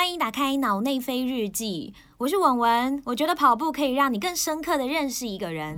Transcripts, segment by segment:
歡迎打開腦內啡日記，我是文文。我覺得跑步可以讓你更深刻的認識一個人。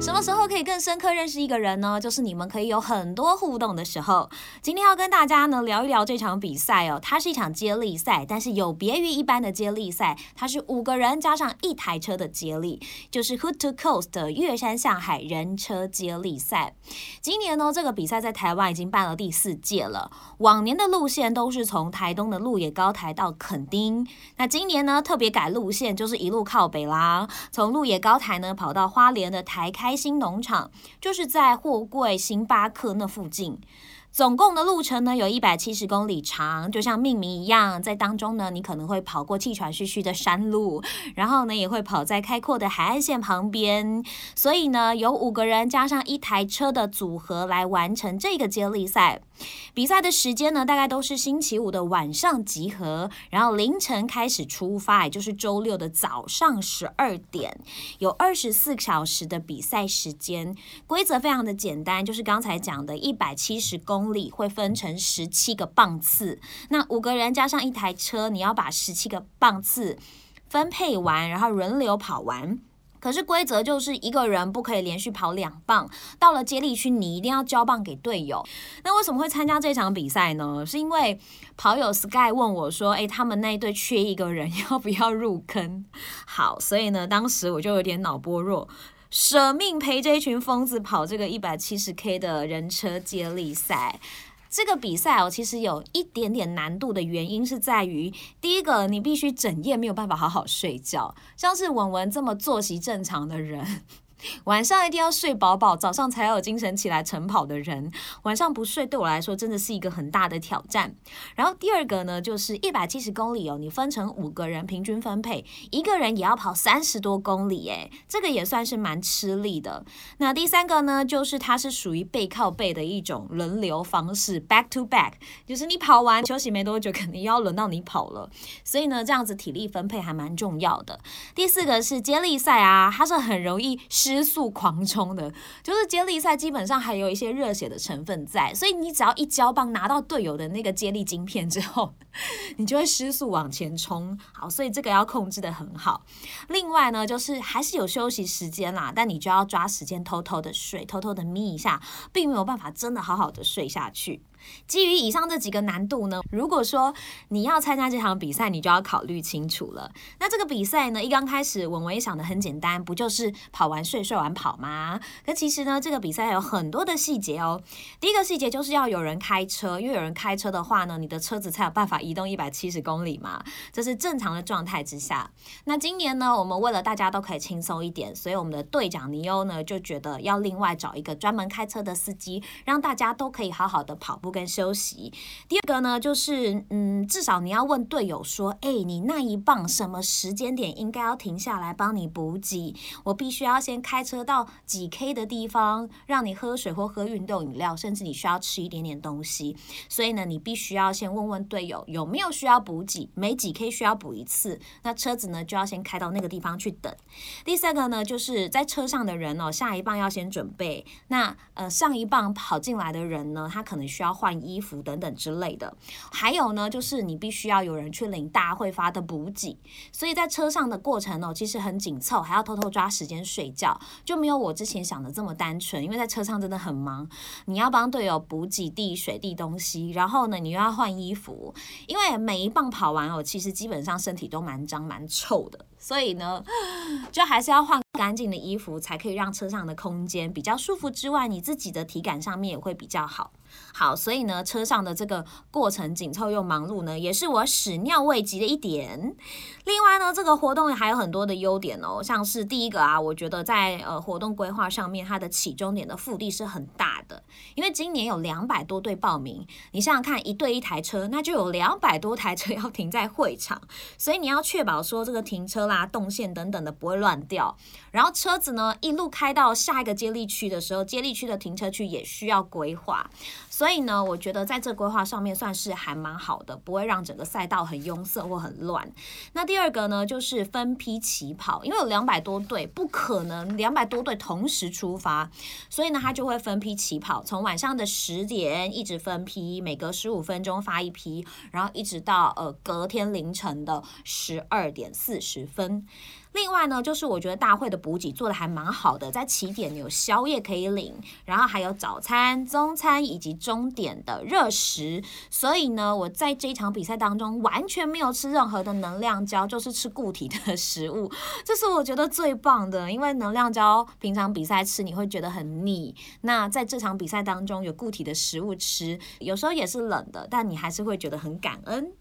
什麼時候可以更深刻認識一個人呢？就是你們可以有很多互動的時候。今天要跟大家呢聊一聊這場比賽哦，它是一場接力賽，但是有別於一般的接力賽，它是五個人加上一台車的接力，就是 Hood to Coast 的越山下海人車接力賽。今年呢，這個比賽在台灣已經辦了第四屆了。往年的路線都是從台東的鹿野高台到墾丁，那今年呢特別改路線，就是一路靠北啦，從鹿野高台呢跑到花蓮的台開。開心農場就是在貨櫃、星巴克那附近。總共的路程呢，有一百七十公里長，就像命名一樣，在當中呢，你可能會跑過氣喘吁吁的山路，然後呢，也會跑在開闊的海岸線旁邊。所以呢，有五個人加上一台車的組合來完成這個接力賽。比賽的時間呢，大概都是星期五的晚上集合，然後凌晨開始出發，也就是周六的早上十二點，有二十四小時的比賽時間。規則非常的簡單，就是剛才講的公里，一百七十公。公里會分成十七個棒次，那五個人加上一台車，你要把十七個棒次分配完，然後輪流跑完。可是規則就是一個人不可以連續跑兩棒，到了接力區你一定要交棒給隊友。那為什麼會參加這場比賽呢？是因為跑友 Sky 問我說：“誒，他們那一隊缺一個人，要不要入坑？”好，所以呢，當時我就有點腦波弱。捨命陪着一群瘋子跑這個一百七十 K 的人車接力賽。這個比賽哦，其實有一點點難度的原因是在於，第一個你必須整夜沒有辦法好好睡覺，像是文文這麼作息正常的人，晚上一定要睡飽飽，早上才有精神起來晨跑的人，晚上不睡對我來說真的是一個很大的挑戰。然後第二個呢，就是一百七十公里哦，你分成五個人平均分配，一個人也要跑三十多公里耶，這個也算是蠻吃力的。那第三個呢，就是它是屬於背靠背的一種輪流方式，back to back，就是你跑完休息沒多久，肯定要輪到你跑了。所以呢，這樣子體力分配還蠻重要的。第四個是接力賽啊，它是很容易失。失速狂衝的，就是接力賽基本上還有一些熱血的成分在，所以你只要一交棒拿到隊友的那個接力晶片之後，你就會失速往前衝。好，所以這個要控制得很好。另外呢，就是還是有休息時間啦，但你就要抓時間偷偷的睡，偷偷的眯一下，並沒有辦法真的好好的睡下去。基於以上這幾個難度呢，如果說你要參加這場比賽，你就要考慮清楚了。那這個比賽呢，一剛開始，文文也想得很簡單，不就是跑完睡，睡完跑嗎？可其實呢，這個比賽有很多的細節哦。第一個細節就是要有人開車，因為有人開車的話呢，你的車子才有辦法移動一百七十公里嘛，這是正常的狀態之下。那今年呢，我們為了大家都可以輕鬆一點，所以我們的隊長尼歐呢就覺得要另外找一個專門開車的司機，讓大家都可以好好的跑步，跟休息。第二個呢，就是嗯，至少你要問隊友說：“哎、欸，你那一棒什麼時間點應該要停下來幫你補給？我必須要先開車到幾 K 的地方，讓你喝水或喝運動飲料，甚至你需要吃一點點東西。所以呢，你必須要先問問隊友有沒有需要補給，每幾 K 需要補一次。那車子呢，就要先開到那個地方去等。第三個呢，就是在車上的人哦，下一棒要先準備。那呃，上一棒跑進來的人呢，他可能需要。換衣服等等之類的，還有呢，就是你必須要有人去領大會發的補給，所以在車上的過程呢、喔，其實很緊湊，還要偷偷抓時間睡覺，就沒有我之前想的這麼單純，因為在車上真的很忙，你要幫隊友補給遞水遞東西，然後呢，你又要換衣服，因為每一棒跑完哦、喔，其實基本上身體都蠻髒蠻臭的，所以呢，就還是要換乾淨的衣服，才可以讓車上的空間比較舒服之外，你自己的體感上面也會比較好。好，所以呢，車上的這個過程緊湊又忙碌呢，也是我始料未及的一點。另外呢，這個活動還有很多的優點哦，像是第一個啊，我覺得在呃活動規劃上面，它的起終點的腹地是很大的，因為今年有兩百多隊報名，你想想看，一隊一台車，那就有兩百多台車要停在會場，所以你要確保說這個停車啦、動線等等的不會亂掉。然後車子呢一路開到下一個接力區的時候，接力區的停車區也需要規劃。所以呢，我覺得在這規劃上面算是還蠻好的，不會讓整個賽道很擁塞或很亂。那第二個呢，就是分批起跑，因為有兩百多隊，不可能兩百多隊同時出發，所以呢，他就會分批起跑，從晚上的十點一直分批，每隔十五分鐘發一批，然後一直到呃隔天凌晨的十二點四十分。另外呢，就是我覺得大會的補給做得還蠻好的，在起點有宵夜可以領，然後還有早餐、中餐以及。終點的熱食，所以呢，我在這一場比賽當中完全沒有吃任何的能量膠，就是吃固體的食物，這是我覺得最棒的。因為能量膠平常比賽吃你會覺得很膩，那在這場比賽當中有固體的食物吃，有時候也是冷的，但你還是會覺得很感恩。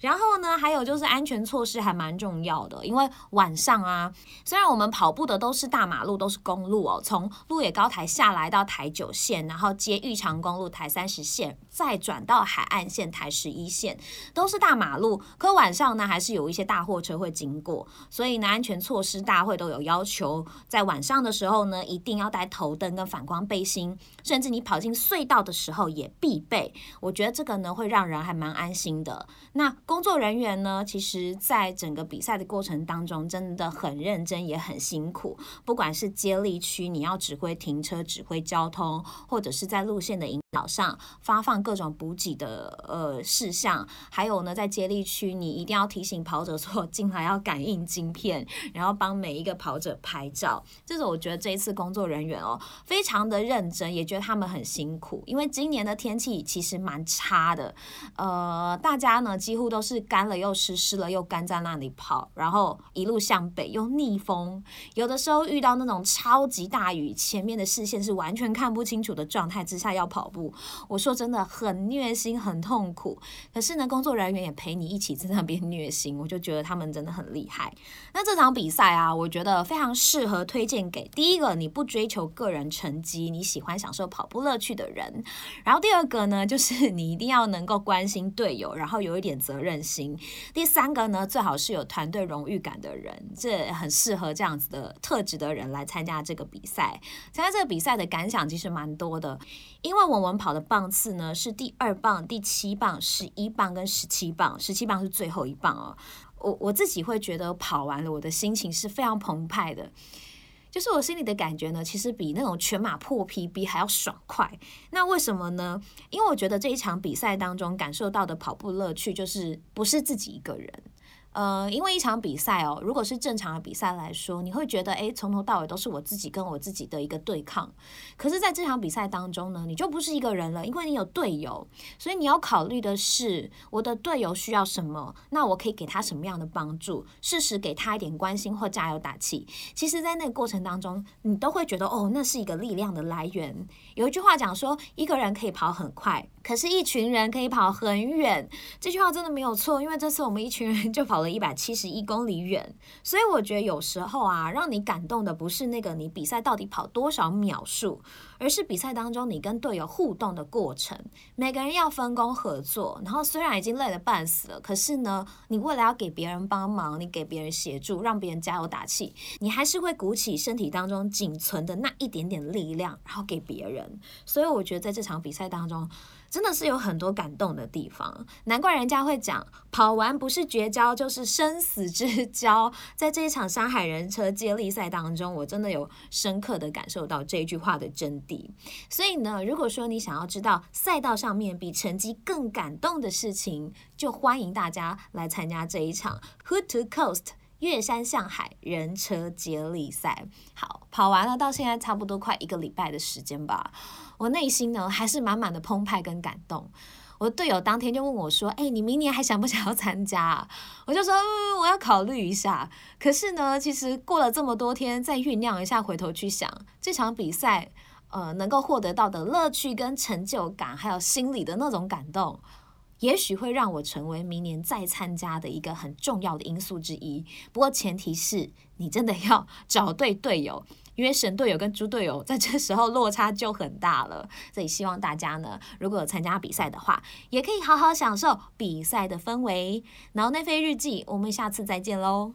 然後呢，還有就是安全措施還蠻重要的，因為晚上啊，雖然我們跑步的都是大馬路，都是公路哦，從鹿野高台下來到台九線，然後接玉長公路、台三十線，再轉到海岸線、台十一線，都是大馬路。可晚上呢，還是有一些大貨車會經過，所以呢，安全措施大會都有要求，在晚上的時候呢，一定要帶頭燈跟反光背心，甚至你跑進隧道的時候也必備。我覺得這個呢，會讓人還蠻安心的。那工作人員呢，其實在整個比賽的過程當中，真的很認真，也很辛苦。不管是接力區，你要指揮停車、指揮交通，或者是在路線的引導上，發放各種補給的呃事項，還有呢，在接力區，你一定要提醒跑者說進來要感應晶片，然後幫每一個跑者拍照。這、就是我覺得這一次工作人員哦，非常的認真，也覺得他們很辛苦，因為今年的天氣其實蠻差的，呃，大家呢幾乎都。是乾了又濕，濕了又乾，在那裡跑，然後一路向北又逆風，有的時候遇到那種超級大雨，前面的視線是完全看不清楚的狀態之下要跑步，我說真的很虐心，很痛苦。可是呢，工作人員也陪你一起在那邊虐心，我就覺得他們真的很厲害。那這場比賽啊，我覺得非常適合推薦給第一個，你不追求個人成績，你喜歡享受跑步樂趣的人。然後第二個呢，就是你一定要能夠關心隊友，然後有一點責任、任性。第三個呢，最好是有團隊榮譽感的人，這很適合這樣子的特質的人來參加這個比賽。參加這個比賽的感想其實蠻多的，因為我們跑的棒次呢是第二棒、第七棒、十一棒跟十七棒，十七棒是最後一棒哦。我我自己會覺得跑完了，我的心情是非常澎湃的。就是我心裡的感覺呢，其實比那種全馬破 PB 還要爽快。那為什麼呢？因為我覺得這一場比賽當中感受到的跑步樂趣，就是不是自己一個人。呃，因為一場比賽哦，如果是正常的比賽來說，你會覺得誒，從頭到尾都是我自己跟我自己的一個對抗。可是在這場比賽當中呢，你就不是一個人了，因為你有隊友，所以你要考慮的是我的隊友需要什麼，那我可以給他什麼樣的幫助，適時給他一點關心或加油打氣。其實，在那個過程當中，你都會覺得哦，那是一個力量的來源。有一句話講說，一個人可以跑很快，可是一群人可以跑很遠。這句話真的沒有錯，因為這次我們一群人就跑。跑了一百七十一公里遠，所以我覺得有時候啊，讓你感動的不是那個你比賽到底跑多少秒數，而是比賽當中你跟隊友互動的過程。每個人要分工合作，然後雖然已經累得半死了，可是呢，你為了要給別人幫忙，你給別人協助，讓別人加油打氣，你還是會鼓起身體當中僅存的那一點點力量，然後給別人。所以我覺得在這場比賽當中，真的是有很多感動的地方，難怪人家會講跑完不是絕交就是生死之交。在這一場山海人車接力賽當中，我真的有深刻的感受到這句話的真諦。所以呢，如果說你想要知道賽道上面比成績更感動的事情，就歡迎大家來參加這一場 Hood to Coast。越山向海人車接力賽，好跑完了，到現在差不多快一個禮拜的時間吧。我內心呢還是滿滿的澎湃跟感動。我的隊友當天就問我說：“誒、欸，你明年還想不想要參加、啊？”我就說：“嗯，我要考慮一下。”可是呢，其實過了這麼多天，再醞釀一下，回頭去想這場比賽，呃，能夠獲得到的樂趣跟成就感，還有心裡的那種感動。也許會讓我成為明年再參加的一個很重要的因素之一。不過前提是你真的要找對隊友，因為神隊友跟豬隊友在這時候落差就很大了。所以希望大家呢，如果有參加比賽的話，也可以好好享受比賽的氛圍。腦內啡日記，我們下次再見嘍。